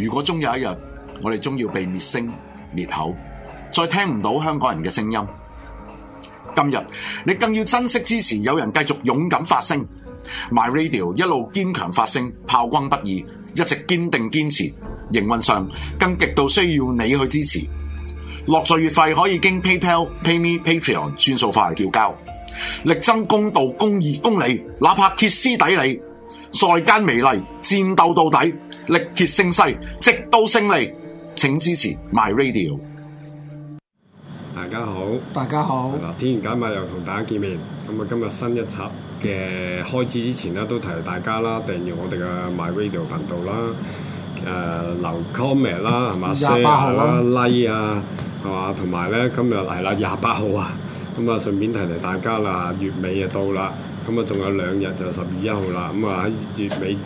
如果終有一日，我哋終要被滅聲滅口，再聽唔到香港人嘅聲音。今日你更要珍惜支持，有人繼續勇敢發聲，My Radio 一路堅強發聲，炮轟不已，一直堅定堅持。營運上更極度需要你去支持，落稅月費可以經 PayPal、PayMe、Patreon 轉數快嚟繳交，力爭公道、公義、公理，哪怕歇斯底里。在艱美嚟，戰鬥到底，力竭勝勢，直到勝利，請支持 My Radio。大家好，大家好。嗱，天玄解密又同大家見面，咁啊今日新一集嘅開始之前咧，都提大家啦，訂閱我哋嘅 My Radio 頻道啦，誒、呃、留 comment 啦，係嘛 share 啦 like 啊，係嘛，同埋咧今日係啦廿八號啊，咁、like、啊順、啊、便提提大家啦，月尾就到啦。咁啊，仲有兩日就十月一號啦。咁、嗯、啊，喺月尾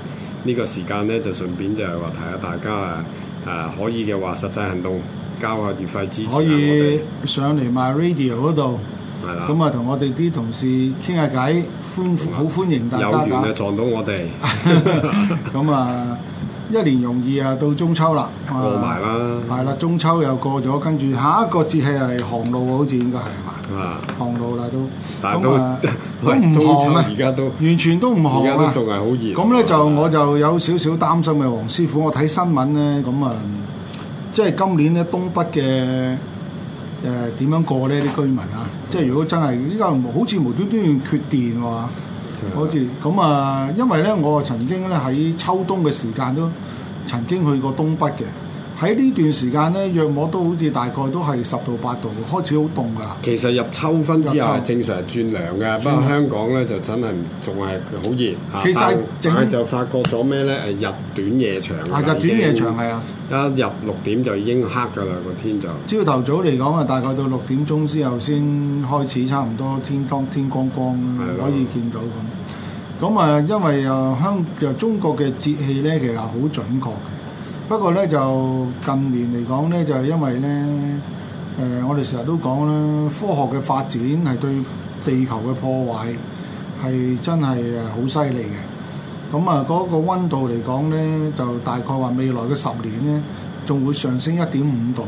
呢個時間咧，就順便就話提下大家啊，啊可以嘅話實際行動交下月費支持。可以上嚟 MyRadio 嗰度，係啦的。咁啊，同我哋啲同事傾下偈，歡好的很歡迎大家。有緣啊，撞到我哋。咁 啊～一年容易啊，到中秋啦，過埋了啦，係啦、呃，中秋又過咗，跟住下一個節氣係寒露，好似應該係係嘛？啊，寒露啦都，但係都、嗯、都唔寒啊，而家都完全都唔寒啊。而家都仲係好熱。咁咧就我就有少少擔心嘅，黃師傅，我睇新聞咧，咁啊，即係今年咧東北嘅誒點樣過呢啲居民啊，即係如果真係依家好似無端端缺電喎。好似咁啊，因為咧，我曾經咧喺秋冬嘅時間都曾經去過東北嘅。喺呢段時間咧，約莫都好似大概都係十度八度，開始好凍噶。其實入秋分之後，正常轉涼嘅，涼不過香港咧就真係仲係好熱。其實就發覺咗咩咧？誒，日短夜長。係啊，日短夜長係啊。經的一入六點就已經黑噶啦，個天就。朝頭早嚟講啊，大概到六點鐘之後先開始，差唔多天當天光光啦，的可以見到咁。咁啊，因為啊香港中國嘅節氣咧，其實好準確。不過咧，就近年嚟講咧，就係因為咧，誒、呃，我哋成日都講啦，科學嘅發展係對地球嘅破壞係真係誒好犀利嘅。咁、嗯、啊，嗰、那個温度嚟講咧，就大概話未來嘅十年咧，仲會上升一點五度。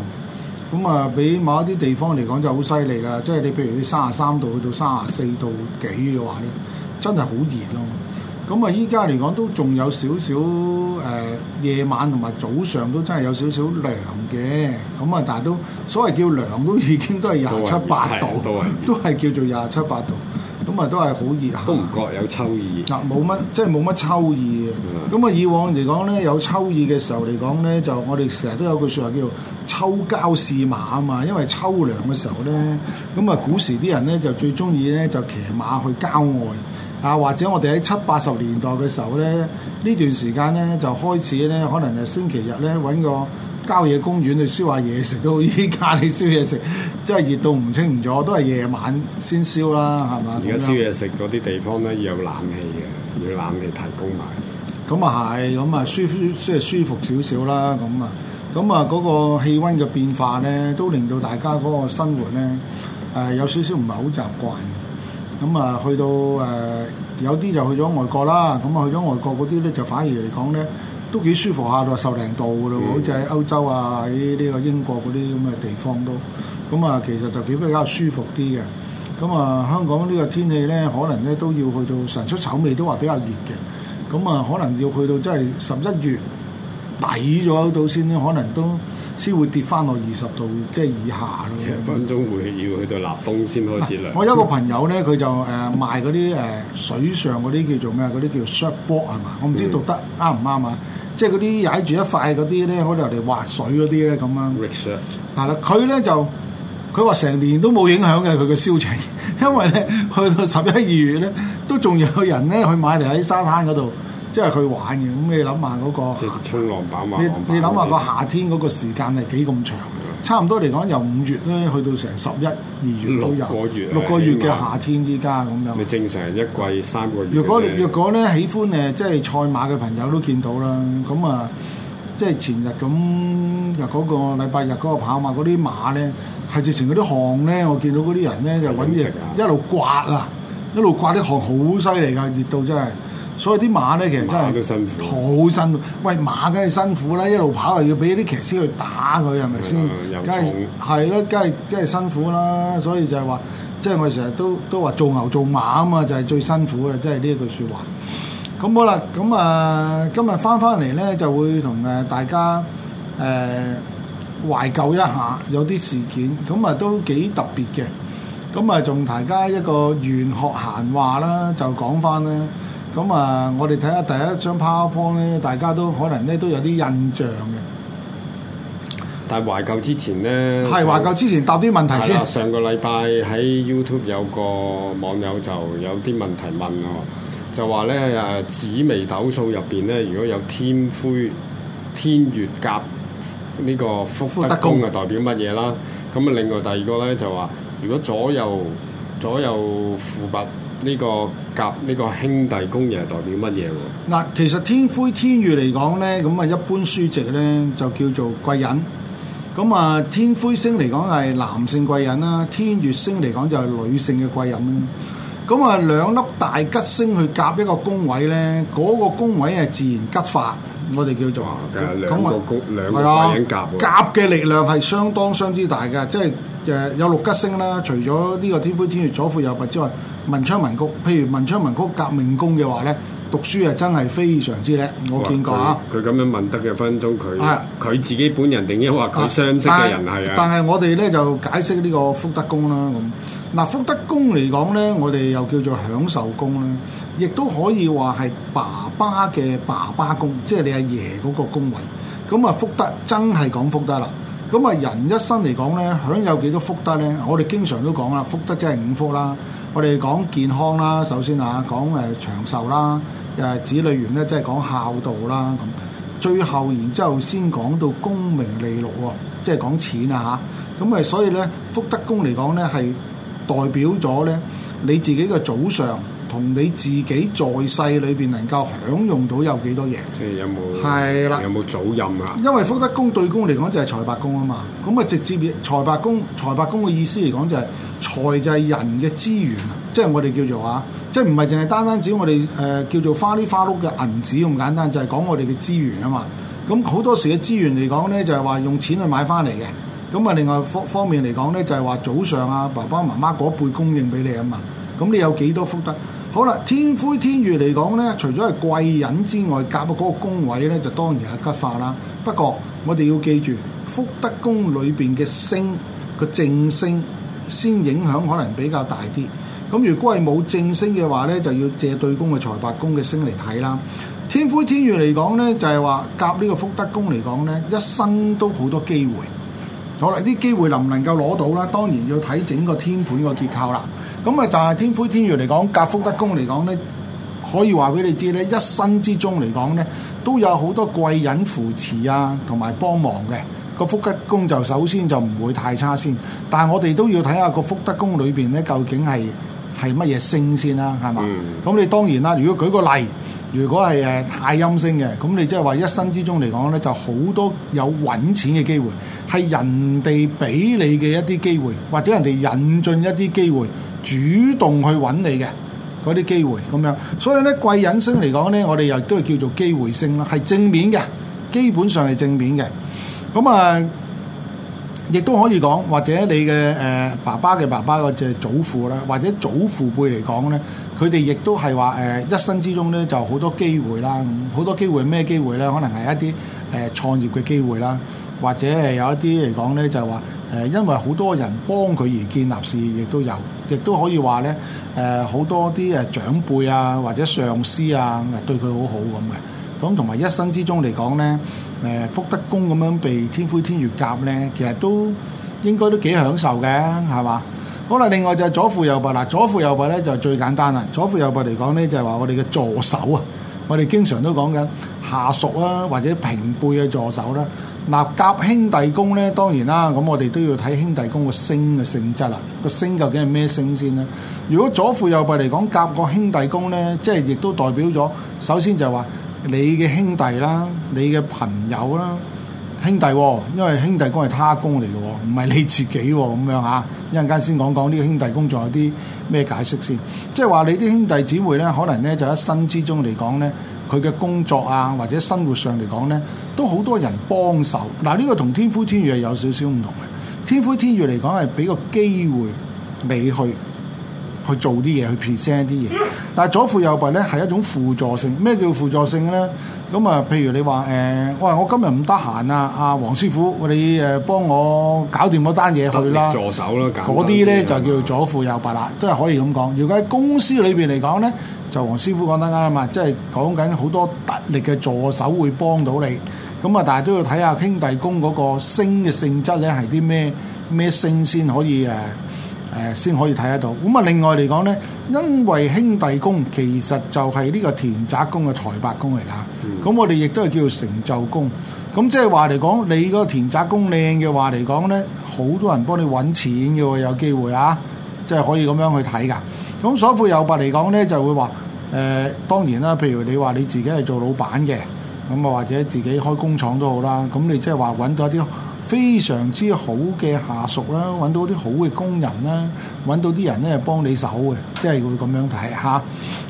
咁、嗯、啊，比某一啲地方嚟講就好犀利啦。即係你譬如你三十三度去到三十四度幾嘅話咧，真係好熱咯。咁啊，依家嚟講都仲有少少誒、呃、夜晚同埋早上都真係有少少涼嘅，咁啊，但係都所謂叫涼都已經都係廿七八度，都係叫做廿七八度，咁啊都係好熱。都唔覺有秋意。嗱、啊，冇乜即係冇乜秋意嘅。咁、嗯、啊，以往嚟講咧，有秋意嘅時候嚟講咧，就我哋成日都有句説話叫做「秋郊試馬」啊嘛，因為秋涼嘅時候咧，咁啊古時啲人咧就最中意咧就騎馬去郊外。啊，或者我哋喺七八十年代嘅時候咧，呢段時間咧就開始咧，可能誒星期日咧搵個郊野公園去燒下嘢食，到依家你燒嘢食，真係熱到唔清唔楚，都係夜晚先燒啦，係嘛？而家燒嘢食嗰啲地方咧要有冷氣嘅，要冷氣提供埋。咁啊係，咁啊舒即係舒服少少啦，咁啊，咁啊嗰個氣温嘅變化咧，都令到大家嗰個生活咧誒有少少唔係好習慣。咁啊，去到誒、呃、有啲就去咗外國啦，咁啊去咗外國嗰啲咧就反而嚟講咧，都幾舒服下咯，十零度嘅喎，的好似喺歐洲啊，喺呢個英國嗰啲咁嘅地方都，咁啊其實就比較舒服啲嘅。咁啊香港呢個天氣咧，可能咧都要去到神出草味都話比較熱嘅，咁啊可能要去到真係十一月底咗到先，可能都。先會跌翻落二十度即係以下咯。幾分鐘會要去到立冬先開始涼、啊。我有個朋友咧，佢就誒、呃、賣嗰啲誒水上嗰啲叫做咩嗰啲叫 short board 係嘛？我唔知讀得啱唔啱啊！即係嗰啲踩住一塊嗰啲咧，可能嚟滑水嗰啲咧咁樣。係啦 Rick shaw.、啊，佢咧就佢話成年都冇影響嘅佢嘅銷情，因為咧去到十一二月咧都仲有人咧去買嚟喺沙灘嗰度。即係去玩嘅，咁你諗下嗰個，浪你你諗下個夏天嗰個時間係幾咁長？嗯、差唔多嚟講由五月咧去到成十一二月都有六個月、啊。六個月嘅夏天依家咁樣。你馬正常一季三個月。若果若果咧，喜歡誒即係賽馬嘅朋友都見到啦。咁啊，即係前日咁入嗰個禮拜日嗰個跑馬，馬，嗰啲馬咧係直情嗰啲汗咧，我見到嗰啲人咧就揾嘢一路刮啊，一路刮啲汗好犀利㗎，熱到真係。所以啲馬咧，其實真係辛苦，好辛苦。喂，馬梗係辛苦啦，一路跑又要俾啲騎師去打佢，係咪先？梗係係咯，梗係梗係辛苦啦。所以就係話、就是，即係我成日都都話做牛做馬啊嘛，就係、是、最辛苦嘅，即係呢一句説話。咁好啦，咁啊、呃、今日翻翻嚟咧，就會同誒大家誒、呃、懷舊一下，有啲事件咁啊都幾特別嘅。咁啊，仲有同大家一個玄學閒話啦，就講翻咧。咁啊，我哋睇下第一張 PowerPoint 咧，大家都可能咧都有啲印象嘅。但係懷舊之前咧，係是說懷舊之前答啲問題先。上個禮拜喺 YouTube 有個網友就有啲問題問喎，就話咧誒紫微斗數入邊咧，如果有天灰天月甲呢、呢個福德宮啊，代表乜嘢啦？咁啊，另外第二個咧就話，如果左右左右輔弼。呢個夾呢個兄弟宮又代表乜嘢喎？嗱，其實天魁天月嚟講咧，咁啊一般書籍咧就叫做貴人。咁啊，天魁星嚟講係男性貴人啦，天月星嚟講就係女性嘅貴人啦。咁啊，兩粒大吉星去夾一個宮位咧，嗰個宮位係自然吉化。我哋叫做咁啊，兩個宮兩個貴人夾夾嘅力量係相當相之大嘅，即係誒有六吉星啦。除咗呢個天魁天月左輔右弼之外。文昌文曲，譬如文昌文曲革命宮嘅話咧，讀書啊，真係非常之叻。我見過啊。佢咁樣問得嘅分鐘，佢佢、啊、自己本人定抑或佢相識嘅人係啊，啊？但係我哋咧就解釋呢個福德宮啦。咁嗱，福德宮嚟講咧，我哋又叫做享受宮啦，亦都可以話係爸爸嘅爸爸宮，即係你阿爺嗰個宮位。咁啊，福德真係講福德啦。咁啊，人一生嚟講咧，享有幾多福德咧？我哋經常都講啦，福德真係五福啦。我哋講健康啦，首先啊，講誒長壽啦，誒子女緣咧，即係講孝道啦。咁最後然之後先講到功名利祿喎，即係講錢啊嚇。咁啊，所以咧福德宮嚟講咧，係代表咗咧你自己嘅祖上同你自己在世裏邊能夠享用到有幾多嘢。即係有冇係啦的。有冇祖蔭啊？因為福德宮對宮嚟講就係財帛宮啊嘛。咁啊，直接財帛宮財帛宮嘅意思嚟講就係、是。財就係人嘅資源啊，即係我哋叫做啊，即係唔係淨係單單指我哋誒、呃、叫做花哩花碌嘅銀紙咁簡單，就係、是、講我哋嘅資源啊嘛。咁好多時嘅資源嚟講咧，就係、是、話用錢去買翻嚟嘅。咁啊，另外方方面嚟講咧，就係、是、話早上啊，爸爸媽媽嗰輩供應俾你啊嘛。咁你有幾多福德？好啦，天魁天鉞嚟講咧，除咗係貴人之外，夾到嗰個宮位咧，就當然係吉化啦。不過我哋要記住福德宮裏邊嘅星，個正星，先影響可能比較大啲，咁如果係冇正星嘅話呢，就要借對宮嘅財帛宮嘅星嚟睇啦。天魁天鉞嚟講呢，就係話夾呢個福德宮嚟講呢，一生都好多機會。好啦，啲機會能唔能夠攞到啦？當然要睇整個天盤個結構啦。咁啊，就係天魁天鉞嚟講，夾福德宮嚟講呢，可以話俾你知呢，一生之中嚟講呢，都有好多貴人扶持啊，同埋幫忙嘅。個福德宮就首先就唔會太差先，但係我哋都要睇下個福德宮裏邊咧究竟係係乜嘢星先啦，係嘛？咁、嗯、你當然啦，如果舉個例，如果係誒太陰星嘅，咁你即係話一生之中嚟講咧，就好多有揾錢嘅機會，係人哋俾你嘅一啲機會，或者人哋引進一啲機會，主動去揾你嘅嗰啲機會咁樣。所以咧貴人星嚟講咧，我哋又都係叫做機會星啦，係正面嘅，基本上係正面嘅。咁啊，亦都可以講，或者你嘅誒、呃、爸爸嘅爸爸嘅即係祖父啦，或者祖父輩嚟講咧，佢哋亦都係話誒一生之中咧就好多機會啦，好多機會咩機會咧？可能係一啲誒、呃、創業嘅機會啦，或者係有一啲嚟講咧就話、是、誒、呃，因為好多人幫佢而建立事業，亦都有，亦都可以話咧誒，好、呃、多啲誒長輩啊，或者上司啊，對佢好好咁嘅，咁同埋一生之中嚟講咧。誒福德宮咁樣被天魁天月夾咧，其實都應該都幾享受嘅，係嘛？好啦，另外就係左輔右弼啦。左輔右弼咧就最簡單啦。左輔右弼嚟講咧就係話我哋嘅助手啊，我哋經常都講緊下屬啦，或者平輩嘅助手啦。嗱，夾兄弟宮咧當然啦，咁我哋都要睇兄弟宮的的、這個星嘅性質啦，個星究竟係咩星先咧？如果左輔右弼嚟講夾個兄弟宮咧，即係亦都代表咗，首先就係話。你嘅兄弟啦，你嘅朋友啦，兄弟喎，哦，因為兄弟宮係他宮嚟嘅，唔係你自己喎，哦，咁樣吓一陣間先講講呢個兄弟宮作有啲咩解釋先，即係話你啲兄弟姊妹咧，可能咧就一生之中嚟講咧，佢嘅工作啊，或者生活上嚟講咧，都好多人幫手。嗱，呢個同天魁天鉞係有少少唔同嘅，天魁天鉞嚟講係俾個機會你去。去做啲嘢，去 present 啲嘢。但係左輔右弼咧係一種輔助性。咩叫輔助性咧？咁啊，譬如你話誒、呃，我話我今日唔得閒啊，阿黃師傅，你誒幫我搞掂嗰單嘢去啦。助手啦，嗰啲咧就叫做左輔右弼啦，都係可以咁講。如果喺公司裏邊嚟講咧，就黃師傅講得啱啊嘛，即係講緊好多得力嘅助手會幫到你。咁啊，但係都要睇下兄弟宮嗰個星嘅性質咧，係啲咩咩星先可以誒。誒先可以睇得到，咁啊另外嚟講咧，因為兄弟宮其實就係呢個田宅宮嘅財帛宮嚟噶，咁、嗯、我哋亦都係叫做成就宮。咁即係話嚟講，你嗰個田宅宮靚嘅話嚟講咧，好多人幫你揾錢嘅喎，有機會啊，即、就、係、是、可以咁樣去睇噶。咁左輔右弼嚟講咧，就會話誒、呃，當然啦，譬如你話你自己係做老闆嘅，咁啊或者自己開工廠都好啦，咁你即係話揾到一啲非常之好嘅下屬啦，揾到啲好嘅工人啦，揾到啲人咧幫你手嘅，即係會咁樣睇吓，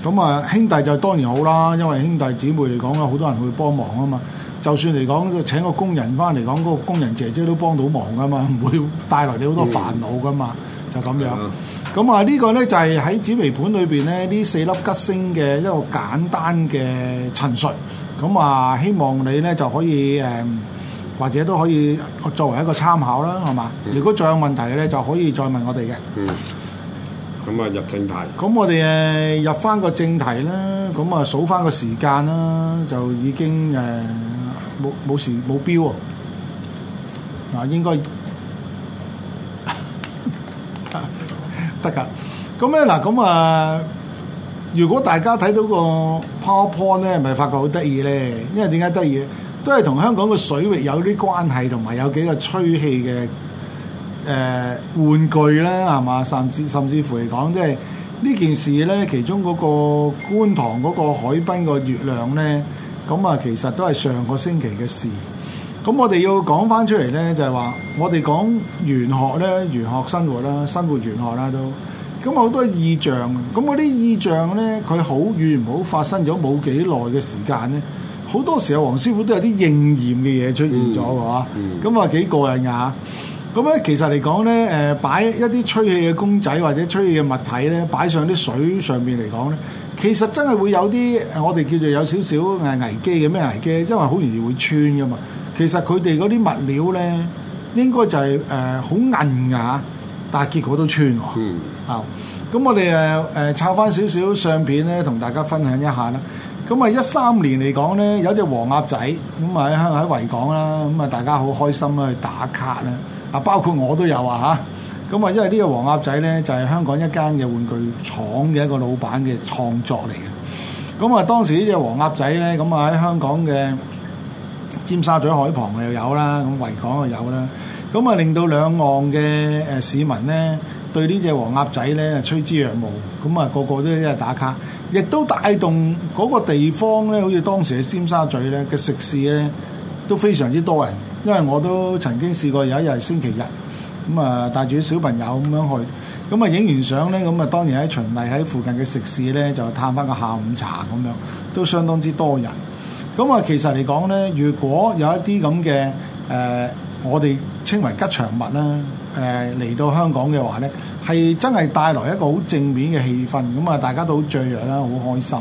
咁啊，啊兄弟就當然好啦，因為兄弟姊妹嚟講有好多人會幫忙啊嘛。就算嚟講請個工人翻嚟講，嗰個工人姐姐都幫到忙噶嘛，唔會帶來你好多煩惱噶嘛，就咁樣。咁啊呢個咧就係喺紫微盤裏邊咧，呢四粒吉星嘅一個簡單嘅陳述。咁啊希望你咧就可以誒。嗯或者都可以作為一個參考啦，係嘛？嗯、如果再有問題咧，就可以再問我哋嘅、嗯。嗯，咁啊入正題。咁我哋誒入翻個正題啦，咁啊數翻個時間啦，就已經誒冇冇時冇標啊，應該得㗎。咁咧嗱，咁啊，如果大家睇到個 PowerPoint 咧，咪發覺好得意咧，因為點解得意？都係同香港嘅水域有啲關係，同埋有，有幾個吹氣嘅誒玩具啦，係嘛？甚至甚至乎嚟講，即係呢件事咧，其中嗰個觀塘嗰個海濱個月亮咧，咁、嗯、啊，其實都係上個星期嘅事。咁、嗯、我哋要講翻出嚟咧，就係、是、話我哋講玄學咧，玄學生活啦，生活玄學啦都。咁、嗯、好多異象，咁嗰啲異象咧，佢好與唔好發生咗冇幾耐嘅時間咧。好多時候，黃師傅都有啲應驗嘅嘢出現咗喎，咁啊幾過癮㗎！咁、嗯、咧其實嚟講咧，誒擺一啲吹氣嘅公仔或者吹氣嘅物體咧，擺上啲水上邊嚟講咧，其實真係會有啲我哋叫做有少少危危機嘅咩危機，因為好容易會穿㗎嘛。其實佢哋嗰啲物料咧，應該就係誒好硬㗎，但係結果都穿喎。啊、嗯，咁我哋誒誒摷翻少少相片咧，同大家分享一下啦。咁啊！一三年嚟講咧，有隻黃鴨仔咁啊喺喺維港啦，咁啊大家好開心啦去打卡啦！啊，包括我都有啊嚇！咁啊，因為呢隻黃鴨仔咧就係香港一間嘅玩具廠嘅一個老闆嘅創作嚟嘅。咁啊，當時呢隻黃鴨仔咧，咁啊喺香港嘅尖沙咀海旁又有啦，咁維港又有啦。咁啊，令到兩岸嘅誒市民咧對呢隻黃鴨仔咧趨之若鶩，咁啊個個都一係打卡。亦都帶動嗰個地方咧，好似當時喺尖沙咀咧嘅食肆咧都非常之多人，因為我都曾經試過有一日星期日咁啊，帶住啲小朋友咁樣去，咁啊影完相咧，咁啊當然喺循例喺附近嘅食肆咧就探翻個下午茶咁樣，都相當之多人。咁啊，其實嚟講咧，如果有一啲咁嘅誒，我哋稱為吉祥物啦。誒嚟到香港嘅話呢係真係帶來一個好正面嘅氣氛，咁啊，大家都好雀躍啦，好開心。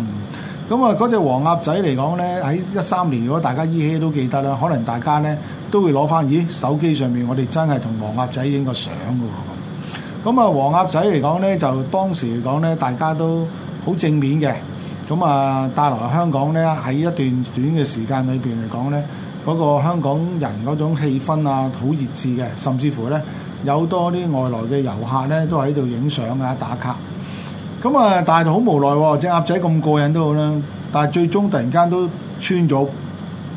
咁啊，嗰隻黃鴨仔嚟講呢喺一三年，如果大家依稀都記得啦，可能大家呢都會攞翻，咦，手機上面我哋真係同黃鴨仔影個相嘅喎咁。啊，黃鴨仔嚟講呢就當時嚟講呢大家都好正面嘅，咁啊，帶來香港呢喺一段短嘅時間裏邊嚟講呢嗰個香港人嗰種氣氛啊，好熱熾嘅，甚至乎呢。有多啲外來嘅遊客咧，都喺度影相啊、打卡。咁啊，但係好無奈喎、哦，隻鴨仔咁過癮都好啦。但係最終突然間都穿咗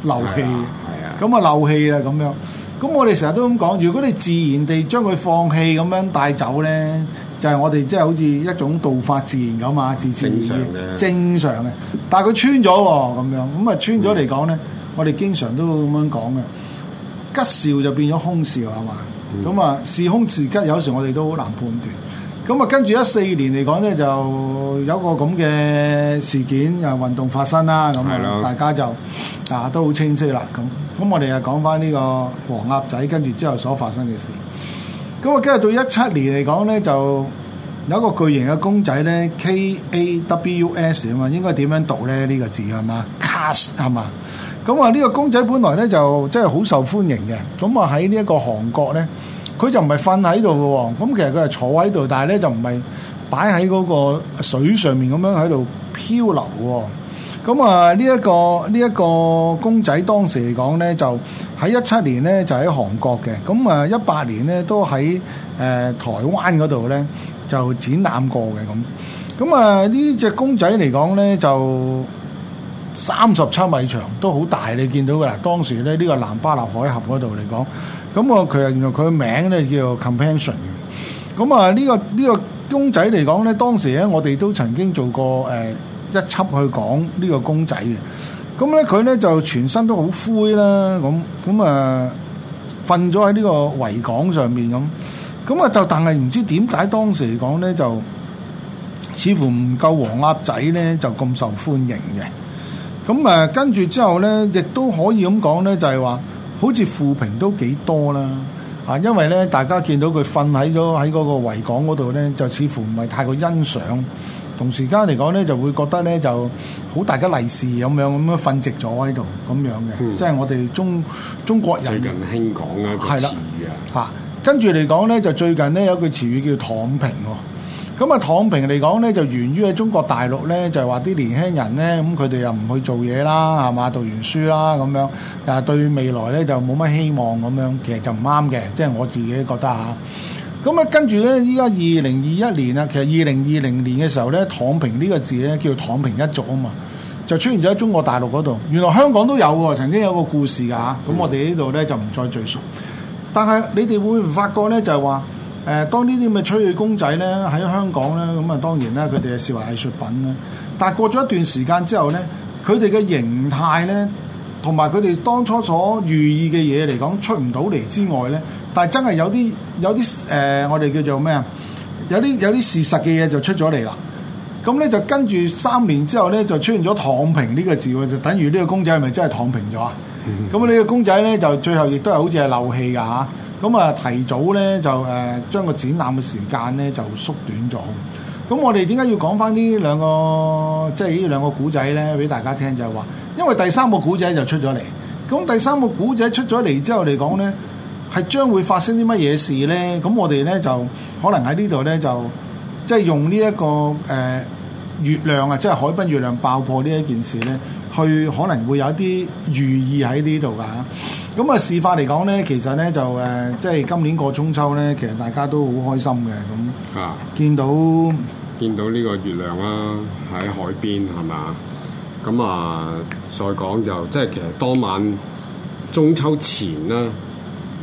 漏氣，係啊，係啊，咁啊漏氣啦咁樣。咁我哋成日都咁講，如果你自然地將佢放氣咁樣帶走咧，就係、是、我哋即係好似一種道法自然咁嘛，自自然嘅正常嘅。但係佢穿咗喎咁樣，咁啊穿咗嚟講咧，嗯、我哋經常都咁樣講嘅吉兆就變咗凶兆係嘛？咁啊，是、嗯、空是吉，有時我哋都好難判斷。咁啊，跟住一四年嚟講咧，就有個咁嘅事件啊運動發生啦，咁啊，的大家就啊都好清晰啦。咁，咁我哋啊講翻呢個黃鴨仔，跟住之後所發生嘅事。咁啊，跟住到一七年嚟講咧，就有一個巨型嘅公仔咧，KAWS 啊嘛，應該點樣讀咧？呢、呢個字係嘛 Cast 啊嘛。咁啊，呢個公仔本來咧就真係好受歡迎嘅。咁啊喺呢一個韓國咧，佢就唔係瞓喺度嘅喎。咁其實佢係坐喺度，但係咧就唔係擺喺嗰個水上面咁樣喺度漂流喎。咁啊呢一個呢一個公仔當時嚟講咧，就喺一七年咧就喺韓國嘅。咁啊一八年咧都喺誒台灣嗰度咧就展覽過嘅咁。咁啊呢隻公仔嚟講咧就。三十七米長都好大，你見到嘅啦。當時咧呢個南巴拿海峽嗰度嚟講，咁啊佢啊原來佢名咧叫 Companion。咁啊呢個呢個公仔嚟講咧，當時咧我哋都曾經做過誒一輯去講呢個公仔嘅。咁咧佢咧就全身都好灰啦，咁咁啊瞓咗喺呢個維港上面咁。咁啊就但係唔知點解當時嚟講咧，就似乎唔夠黃鴨仔咧就咁受歡迎嘅。咁誒跟住之後咧，亦都可以咁講咧，就係話好似負評都幾多啦啊！因為咧，大家見到佢瞓喺咗喺嗰個維港嗰度咧，就似乎唔係太過欣賞，同時間嚟講咧，就會覺得咧就好大嘅利，嗯、是咁樣咁樣瞓直咗喺度咁樣嘅，即係我哋中中國人最近興講一個詞語啊嚇，跟住嚟講咧，就最近咧有句詞語叫躺平。咁啊，躺平嚟講咧，就源於喺中國大陸咧，就係話啲年輕人咧，咁佢哋又唔去做嘢啦，係嘛？讀完書啦咁樣，啊，對未來咧就冇乜希望咁樣，其實就唔啱嘅，即係我自己覺得吓，咁啊，跟住咧，依家二零二一年啊，其實二零二零年嘅時候咧，躺平呢個字咧，叫躺平一族啊嘛，就出現咗喺中國大陸嗰度。原來香港都有嘅，曾經有個故事㗎吓。咁、啊嗯、我哋呢度咧就唔再敍述。但係你哋會唔會發覺咧，就係話，誒、呃，當呢啲咁嘅吹氣公仔咧喺香港咧，咁啊當然啦，佢哋係視為藝術品咧。但係過咗一段時間之後咧，佢哋嘅形態咧，同埋佢哋當初所寓意嘅嘢嚟講出唔到嚟之外咧，但係真係有啲有啲誒、呃，我哋叫做咩啊？有啲有啲事實嘅嘢就出咗嚟啦。咁咧就跟住三年之後咧，就出現咗躺平呢、這個字喎，就等於呢個公仔係咪真係躺平咗啊？咁啊呢個公仔咧就最後亦都係好似係漏氣㗎嚇。啊咁啊，提早咧就誒將、呃、個展覽嘅時間咧就縮短咗。咁我哋點解要講翻呢兩個即係呢兩個古仔咧，俾大家聽，就係、是、話因為第三個古仔就出咗嚟。咁第三個古仔出咗嚟之後嚟講咧，係將會發生啲乜嘢事咧？咁我哋咧就可能喺呢度咧就即係用呢、這、一個誒、呃、月亮啊，即係海濱月亮爆破呢一件事咧，去可能會有一啲寓意喺呢度㗎。啊咁啊，事發嚟講咧，其實咧就誒，即係今年過中秋咧，其實大家都好開心嘅，咁見到、啊、見到呢個月亮啦、啊，喺海邊係咪？咁啊，再講就即係其實當晚中秋前啦，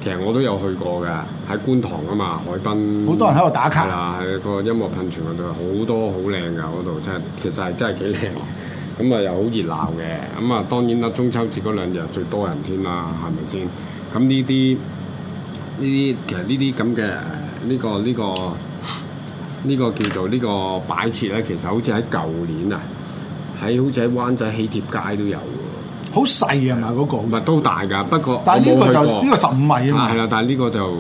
其實我都有去過㗎，喺觀塘啊嘛，海濱好多人喺度打卡係啊，喺個音樂噴泉嗰度好多好靚噶，嗰度真係其實係真係幾靚。咁啊，又好熱鬧嘅，咁啊，當然啦，中秋節嗰兩日最多人添啦，係咪先？咁呢啲呢啲，其實呢啲咁嘅呢個呢個呢個叫做呢個擺設咧，其實好似喺舊年啊，喺好似喺灣仔喜帖街都有喎。好細啊嘛，嗰個？唔係都大㗎，不過但係呢個就呢個十五米啊嘛，係啦，但係呢個就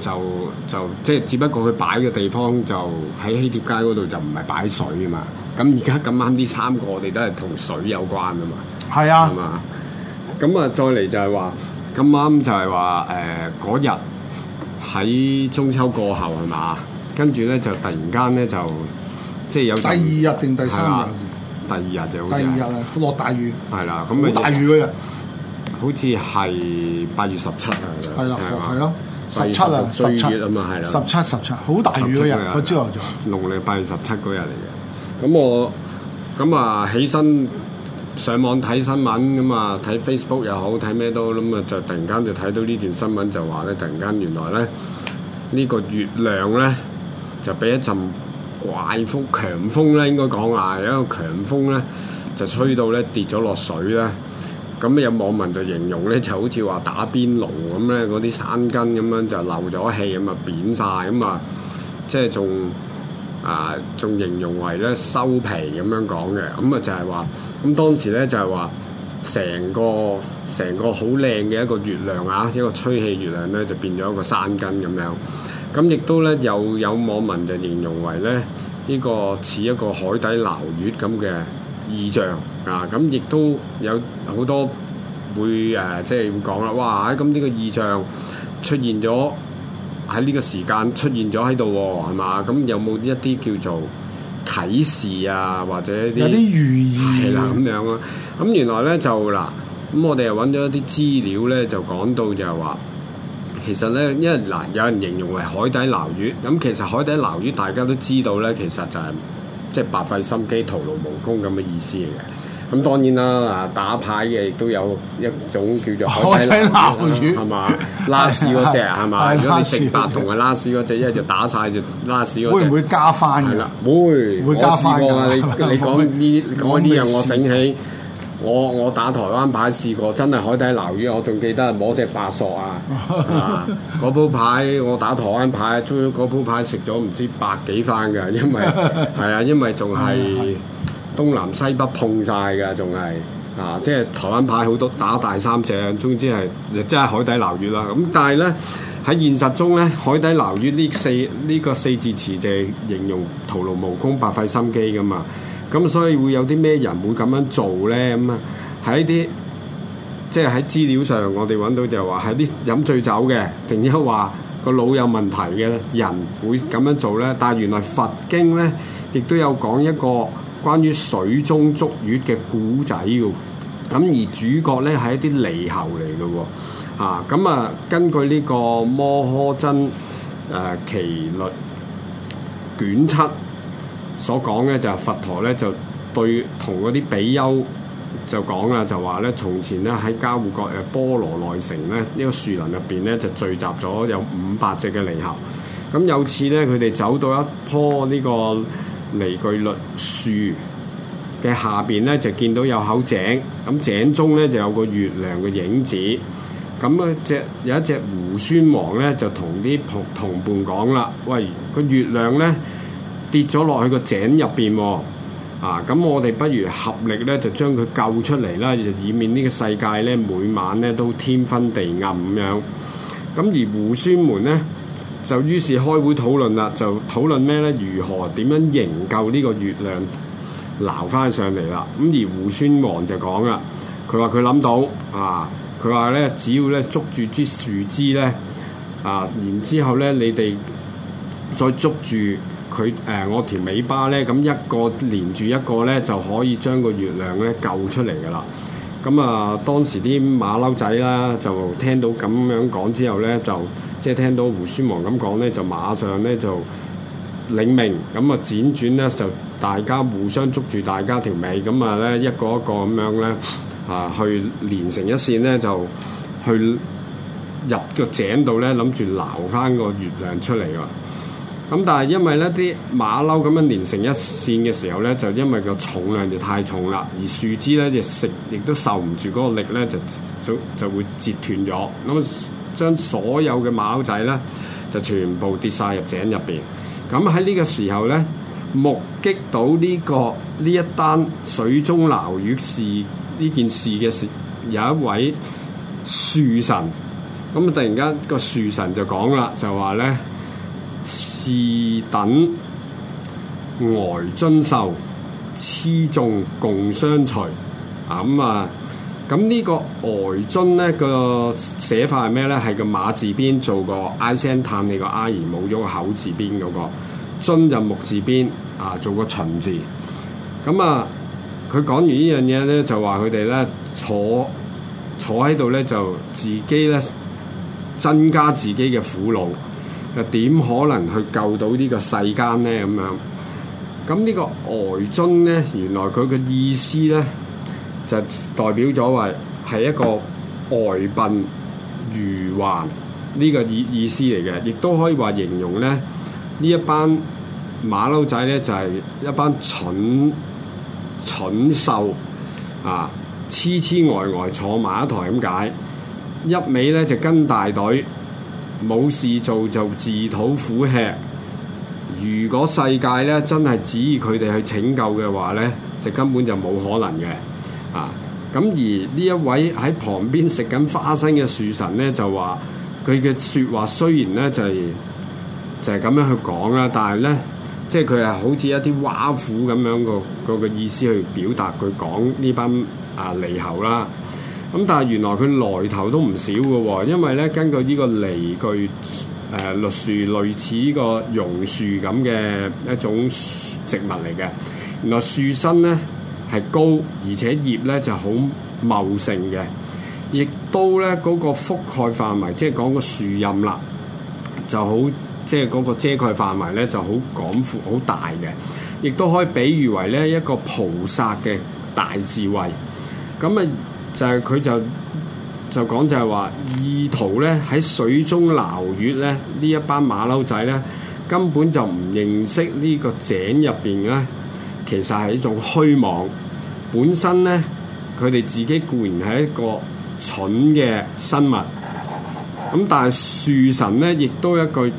就就即係只不過佢擺嘅地方就喺喜帖街嗰度就唔係擺水啊嘛。咁而家咁啱呢三個，我哋都係同水有關啊嘛，係啊嘛。咁啊，再嚟就係話，咁啱就係話，誒嗰日喺中秋過後係嘛？跟住咧就突然間咧就即係有第二日定第三日？第二日就好似第二日啊，落大雨係啦，咁啊大雨嗰日，好似係八月十七係啦，係啦，係咯，十七啊，十月啊嘛係啦，十七十七好大雨日，我朝頭早農曆八月十七嗰日嚟嘅。咁我咁啊起身上網睇新聞，咁啊睇 Facebook 又好，睇咩都，咁啊就突然間就睇到呢段新聞，就話咧，突然間原來咧呢、呢個月亮咧就俾一陣怪風強風咧，應該講啊，有一個強風咧就吹到咧跌咗落水啦。咁有網民就形容咧就好似話打邊爐咁咧，嗰啲山根咁樣就漏咗氣咁啊扁晒咁啊，即係仲。啊，仲形容為咧收皮咁樣講嘅，咁啊就係話，咁當時咧就係、是、話，成個成個好靚嘅一個月亮啊，一個吹氣月亮咧就變咗一個山根咁樣，咁亦都咧有有網民就形容為咧，呢、這個似一個海底撈月咁嘅異象啊，咁亦都有好多會誒即係咁講啦，哇！咁呢個異象出現咗。喺呢個時間出現咗喺度喎，係嘛？咁有冇一啲叫做啟示啊，或者一啲啲寓意係啦咁樣、啊？咁原來咧就嗱，咁我哋又揾咗一啲資料咧，就講到就係話，其實咧，因為嗱，有人形容為海底撈月，咁其實海底撈月大家都知道咧，其實就係即係白費心機、徒勞無功咁嘅意思嚟嘅。咁當然啦，嗱打牌嘅亦都有一種叫做海底撈魚，係嘛？拉士嗰隻係嘛？如果你食白同埋拉士嗰隻，一就打晒就拉士嗰隻。會唔會加翻㗎？係啦，會會加翻㗎。你你講呢？講呢樣我醒起，我我打台灣牌試過，真係海底撈魚。我仲記得摸隻八索啊！嗰鋪牌我打台灣牌，追嗰鋪牌食咗唔知百幾番㗎，因為係啊，因為仲係。東南西北碰晒㗎，仲係啊！即係台灣派好多打大三隻，總之係即係海底撈月啦。咁但係咧喺現實中咧，海底撈月呢四呢、呢個四字詞就係形容徒勞無功、白費心機噶嘛。咁、啊、所以會有啲咩人會咁樣做咧？咁啊，喺啲即係喺資料上，我哋揾到就話喺啲飲醉酒嘅，定抑或個腦有問題嘅人會咁樣做咧？但係原來佛經咧亦都有講一個。關於水中捉魚嘅古仔喎，咁而主角咧係一啲獼猴嚟嘅喎，啊咁啊，根據呢個摩訶僧誒祇、呃、律卷七所講咧，就係、是、佛陀咧就對同嗰啲比丘就講啦，就話咧從前咧喺加護國誒波羅奈城咧呢、這個樹林入邊咧就聚集咗有五百隻嘅獼猴，咁有次咧佢哋走到一棵呢、這個。嚟句律樹嘅下邊咧，就見到有口井，咁井中咧就有個月亮嘅影子。咁啊，只有一隻猢猻王咧，就同啲同同伴講啦：喂，個月亮咧跌咗落去個井入邊喎。啊，咁我哋不如合力咧，就將佢救出嚟啦，以免呢個世界咧每晚咧都天昏地暗咁樣。咁而猢猻們咧。就於是開會討論啦，就討論咩咧？如何點樣營救呢個月亮撈翻上嚟啦？咁而猢猻王就講啦，佢話佢諗到啊！佢話咧，只要咧捉住支樹枝咧啊，然之後咧你哋再捉住佢誒、呃、我條尾巴咧，咁一個連住一個咧，就可以將個月亮咧救出嚟㗎啦。咁啊，當時啲馬騮仔啦，就聽到咁樣講之後咧，就～即係聽到胡宣王咁講咧，就馬上咧就領命，咁啊輾轉咧就大家互相捉住大家條尾，咁啊咧一個一個咁樣咧啊去連成一線咧，就去入個井度咧，諗住撈翻個月亮出嚟㗎。咁但係因為咧啲馬騮咁樣連成一線嘅時候咧，就因為個重量就太重啦，而樹枝咧就食亦都受唔住嗰個力咧，就就就會折斷咗。咁。將所有嘅鰻仔咧，就全部跌晒入井入邊。咁喺呢個時候咧，目擊到呢、呢個呢一單水中撈魚事呢件事嘅時，有一位樹神。咁、嗯、突然間個樹神就講啦，就話咧：是等外尊秀，痴眾共相隨。啊、嗯、咁啊！咁、呃、呢個呆樽咧個寫法係咩咧？係個馬字邊做個哀聲嘆，你個哀而冇咗個口字邊嗰、那個樽就木字邊啊，做個秦字。咁啊，佢講完呢樣嘢咧，就話佢哋咧坐坐喺度咧，就自己咧增加自己嘅苦惱，又點可能去救到呢個世間咧？咁樣。咁、呃、呢個呆樽咧，原來佢嘅意思咧。就代表咗話係一個外笨如橫呢、這個意意思嚟嘅，亦都可以話形容咧呢一班馬騮仔咧就係、是、一班蠢蠢獸啊，痴痴呆呆坐埋一台咁解，一味咧就跟大隊，冇事做就自討苦吃。如果世界咧真係指意佢哋去拯救嘅話咧，就根本就冇可能嘅。啊，咁而呢一位喺旁邊食緊花生嘅樹神咧，就話佢嘅説話雖然咧就係、是、就係、是、咁樣去講啦，但係咧即係佢係好似一啲蛙虎咁樣個,個個意思去表達佢講呢班啊獼猴啦。咁但係原來佢來頭都唔少嘅喎，因為咧根據呢個獼，佢誒綠樹類似呢個榕樹咁嘅一種植物嚟嘅，原來樹身咧。係高，而且葉咧就好茂盛嘅，亦都咧嗰、那個覆蓋範圍，即係講個樹蔭啦，就好即係嗰個遮蓋範圍咧就好廣闊、好大嘅，亦都可以比喻為咧一個菩薩嘅大智慧。咁啊，就係佢就就講就係話，意圖咧喺水中撈月咧，一呢一班馬騮仔咧根本就唔認識呢個井入邊咧。其實係一種虛妄，本身咧佢哋自己固然係一個蠢嘅生物，咁但係樹神咧亦都有一句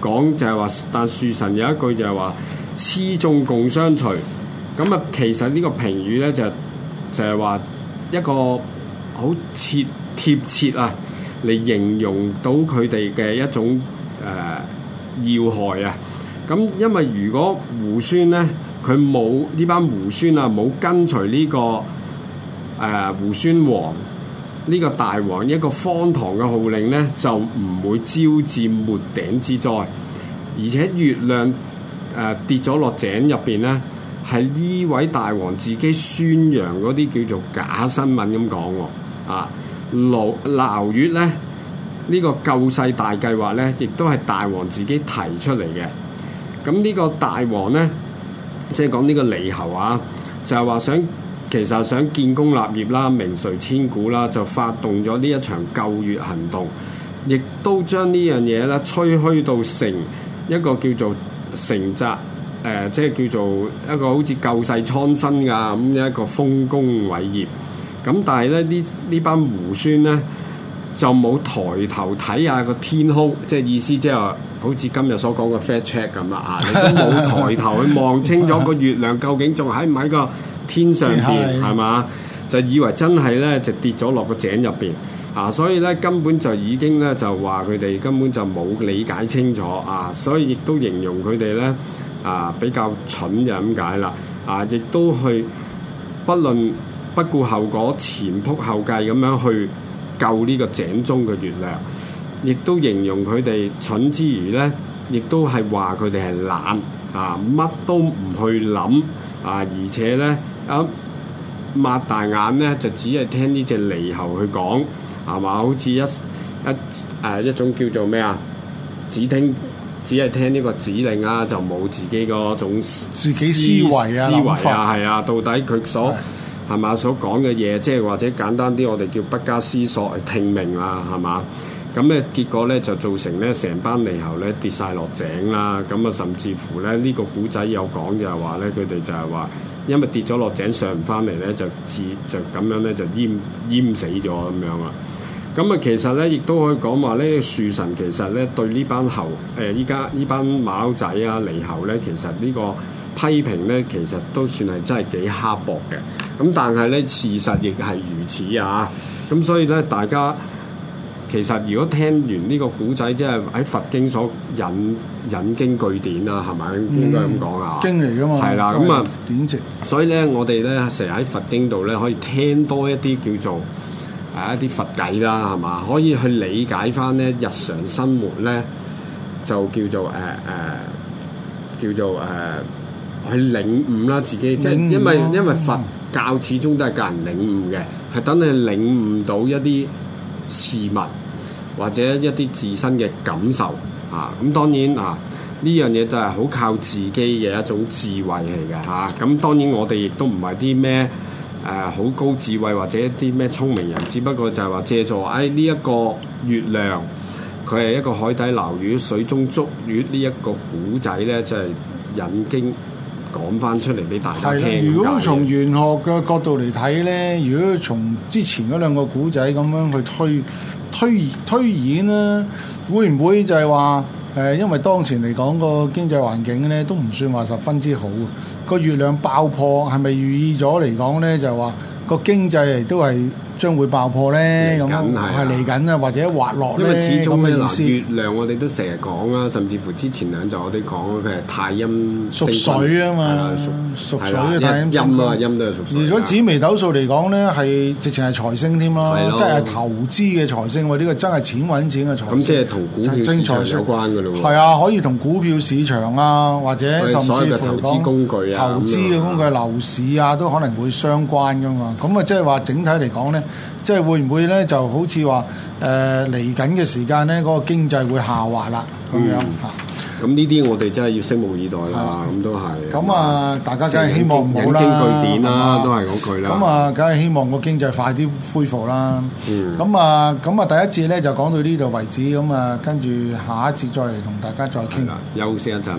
講就係、是、話，但樹神有一句就係話，痴眾共相隨。咁啊，其實呢個評語咧就就係、是、話一個好切貼切啊，嚟形容到佢哋嘅一種誒、呃、要害啊。咁因為如果胡孫咧。佢冇呢班胡孫啊，冇跟隨呢個誒胡孫王呢個大王一個荒唐嘅號令咧，就唔會招致末頂之災。而且月亮誒、呃、跌咗落井入邊咧，係呢位大王自己宣揚嗰啲叫做假新聞咁講喎。啊，撈月咧，呢個救世大計劃咧，亦都係大王自己提出嚟嘅。咁呢個大王咧。即係講呢個獼猴啊，就係、是、話想其實想建功立業啦、名垂千古啦，就發動咗呢一場救月行動，亦都將呢樣嘢咧吹噓到成一個叫做成澤，誒、呃、即係叫做一個好似救世蒼生噶咁一個豐功偉業。咁但係咧呢呢班胡孫咧就冇抬頭睇下個天空，即係意思即係話。好似今日所講嘅 fact check 咁啦啊，你都冇抬頭去望清楚個月亮究竟仲喺唔喺個天上邊係嘛？就以為真係咧就跌咗落個井入邊啊！所以咧根本就已經咧就話佢哋根本就冇理解清楚啊！所以亦都形容佢哋咧啊比較蠢就咁解啦啊！亦都去不論不顧後果前仆後繼咁樣去救呢個井中嘅月亮。亦都形容佢哋蠢之餘咧，亦都係話佢哋係懶啊，乜都唔去諗啊，而且咧啊，擘大眼咧就只係聽呢隻獼猴去講係嘛，好似一一誒、啊、一種叫做咩啊，只聽只係聽呢個指令啊，就冇自己個種自己思維啊思維，係啊，到底佢所係嘛吧所講嘅嘢，即係或者簡單啲，我哋叫不加思索去聽命啊，係嘛？咁咧，結果咧就造成咧，成班獼猴咧跌晒落井啦。咁啊，甚至乎咧，這個、呢個古仔有講就係話咧，佢哋就係話，因為跌咗落井上唔翻嚟咧，就自就咁樣咧就淹淹死咗咁樣啦。咁啊，其實咧亦都可以講話咧，樹神其實咧對呢班猴誒，依家呢班馬騮仔啊、獼猴咧，其實呢個批評咧，其實都算係真係幾刻薄嘅。咁但係咧，事實亦係如此啊。咁所以咧，大家。其實，如果聽完呢個古仔，即係喺佛經所引引經據典啦，係咪應該咁講啊？經嚟噶嘛？係啦，咁啊，典籍。所以咧，我哋咧成日喺佛經度咧，可以聽多一啲叫做啊一啲佛偈啦，係嘛？可以去理解翻咧日常生活咧，就叫做誒誒、啊啊、叫做誒、啊、去領悟啦，自己即係、啊、因為因為佛教始終都係教人領悟嘅，係等你領悟到一啲事物。或者一啲自身嘅感受啊，咁當然啊，呢樣嘢都係好靠自己嘅一種智慧嚟嘅嚇。咁、啊、當然我哋亦都唔係啲咩誒好高智慧或者啲咩聰明人，只不過就係話藉助誒呢一個月亮，佢係一個海底撈魚、水中捉魚呢一個古仔咧，就係、是、引經講翻出嚟俾大家聽。如果從玄學嘅角度嚟睇咧，如果從之前嗰兩個古仔咁樣去推。推推演呢、啊，會唔會就係話誒，因為當前嚟講個經濟環境咧，都唔算話十分之好啊。個月亮爆破係咪預意咗嚟講呢？就話、係、個經濟都係，將會爆破咧，咁係嚟緊啊！或者滑落呢個始終嘅意思。月亮我哋都成日講啦，甚至乎之前兩集我哋講嘅，太陰，屬水啊嘛。係啊，屬屬水啊，太陰陰啊，陰都係屬水。如果紫微斗數嚟講咧，係直情係財星添咯，即係投資嘅財星喎。呢個真係錢揾錢嘅財星。咁即係同股票市場有關㗎咯。係啊，可以同股票市場啊，或者甚至投資工具啊，投資嘅工具、樓市啊，都可能會相關㗎嘛。咁啊，即係話整體嚟講咧。即係會唔會咧？就好似話誒嚟緊嘅時間咧，嗰、嗰個經濟會下滑啦，咁樣嚇。咁呢啲我哋真係要拭目以待啦。咁都係。咁啊，大家梗係希望唔好啦。引經據典啦，嗯、都係嗰句啦。咁、嗯、啊，梗係希望個經濟快啲恢復啦。咁啊、嗯，咁、嗯、啊，第一節咧就講到呢度為止。咁、嗯、啊，跟住下一節再嚟同大家再傾。休息一陣。